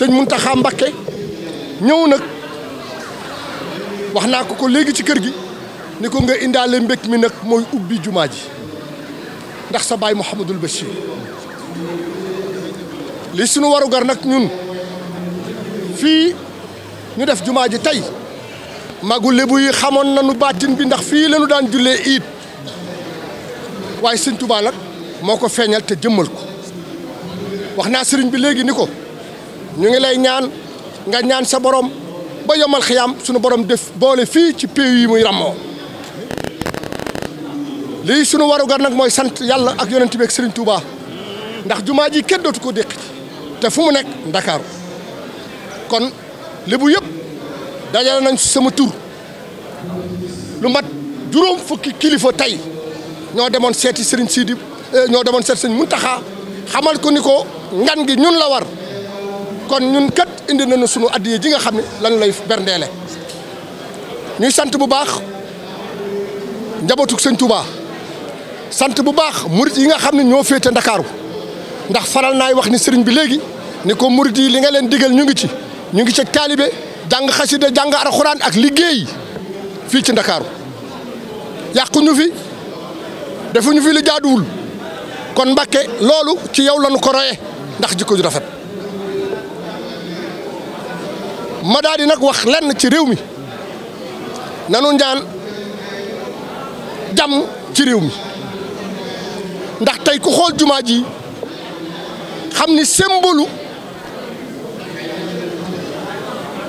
sëñ Muntaxa Mbakke ñëw nag wax naa ko ko léegi ci kër gi ni ko nga indaale mbég mi nag mooy ubbi jumaa ji ndax sa baay Mouhamadul Bachir li sunu warugar nag ñun fii ñu def jumaa ji tey magu lébu xamoon xamoon nañu baatin bi ndax fii lañu daan jullee iit waaye sëñ nag moo ko feeñal te jëmmal ko wax naa sëriñ bi léegi ni ko ñu ngi lay ñaan nga ñaan sa borom ba yomal xiyaam sunu borom def boole fii ci pays yi muy ràmmoo lii sunu warugar nag mooy sant yàlla ak yonent bi ak Serigne Touba ndax jumaa ji kenn dootu ko déq te fu mu nekk Ndakaaru kon lébu yëpp dajale nañ sama tur lu mat juróom fukki kilifa tey ñoo demoon seeti Serigne Sidi eh, ñoo demoon seeti Serigne taxa xamal ko ni ko ngan gi ñun la war kon ñun kat indi na nañu sunu addiya ji nga xam ne lan lay berndeele ñuy sant bu baax njabootu sëñ Touba sant bu baax murit yi nga xam ne ñoo féete ndakaaru ndax faral naay wax ni sëriñ bi léegi ni ko murit yi li nga leen digal ñu ngi ci ñu ngi ci taalibe jàng xasida jàng alxuraan ak liggéey fii ci ndakaaru yàquñu fi defuñu fi lu jaaduwul kon Mbàkke loolu ci yow lañu ko ndax jikko ju rafet ma daal nag wax lenn ci réew mi nanu ñaan jàmm ci réew mi ndax tey ku xool jumaa ji xam ni symbole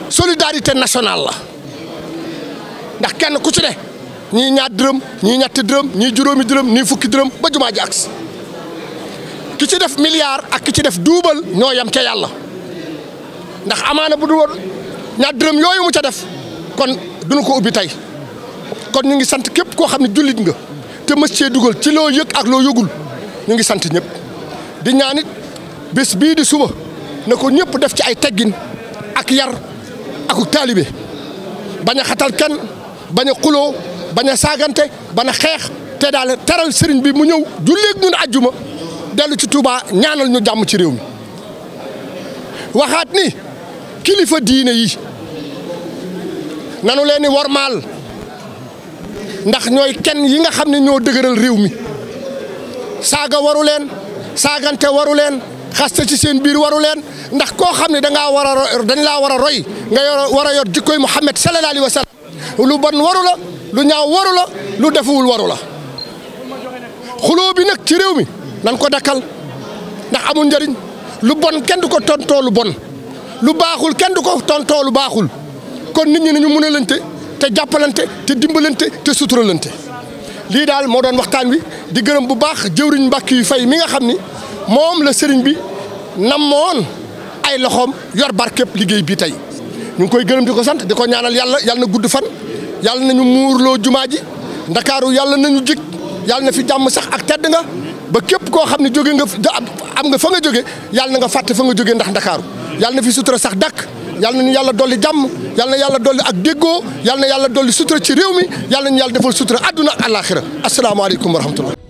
solidarité national la ndax kenn ku ci ne ñii ñaar dërëm ñii ñetti dërëm ñii juróomi dërëm ñii fukki dërëm ba jumaa ji agsi ki ci def milliard ak ki ci def duubal ñoo yam ca yàlla ndax amaana bu du ñaar yooyu mu ca def kon duñu ko ubbi tey kon ñu ngi sant képp koo xam ne jullit nga te mës cee dugal ci loo yëg ak loo yëgul ñu ngi sant ñëpp di ñaanit bés bii di suba na ko ñëpp def ci ay teggin ak yar ak taalibe bañ a xatal kenn bañ a xuloo saagante bañ xeex te daal teral sëriñ bi mu ñëw julleeg ñun ajjuma dellu ci tuuba ñaanal ñu jàmm ci réew mi waxaat ni kilifa diine yi nanu leen di wormaal ndax ñooy kenn yi nga xam ne ñoo dëgëral réew mi saaga waru leen saagante waru leen xaste ci seen biir waru leen ndax koo xam ne da ngaa war a dañ laa war a roy nga yor war a yor jikkoy Muhammad sallallahu alayhi wa sallam lu bon waru la lu ñaaw waru la lu defuwul waru la xuloo bi nag ci réew mi nan ko dakkal ndax amul njariñ lu bon kenn du ko tontoo lu bon lu baaxul kenn du ko tontoo lu baaxul kon nit ñi nañu mënalante te jàppalante te dimbalante te suturalante lii daal moo doon waxtaan wi di gërëm bu baax jëwriñ mbàkk yu fay mi nga xam ni moom la sëriñ bi namoon ay loxoom yor barkeb liggéey bi tey ñu ngi koy gërëm di ko sant di ko ñaanal yàlla yàlla na gudd fan yàlla nañu muurloo jumaa ji ndakaaru yàlla na ñu jik yàlla na fi jàmm sax ak tedd nga ba képp koo xam ne jóge nga am nga fa nga jóge yàlla na nga fàtte fa nga jóge ndax ndakaaru yàlla na fi sax dàkk yal na ñu yàlla dolli jàmm yal na yàlla dolli ak déggoo yal na yàlla dolli sutura ci réew mi yal na ñu yàlla defal sutura àdduna ak àllaaxira asalaamaaleykum wa rahmatullah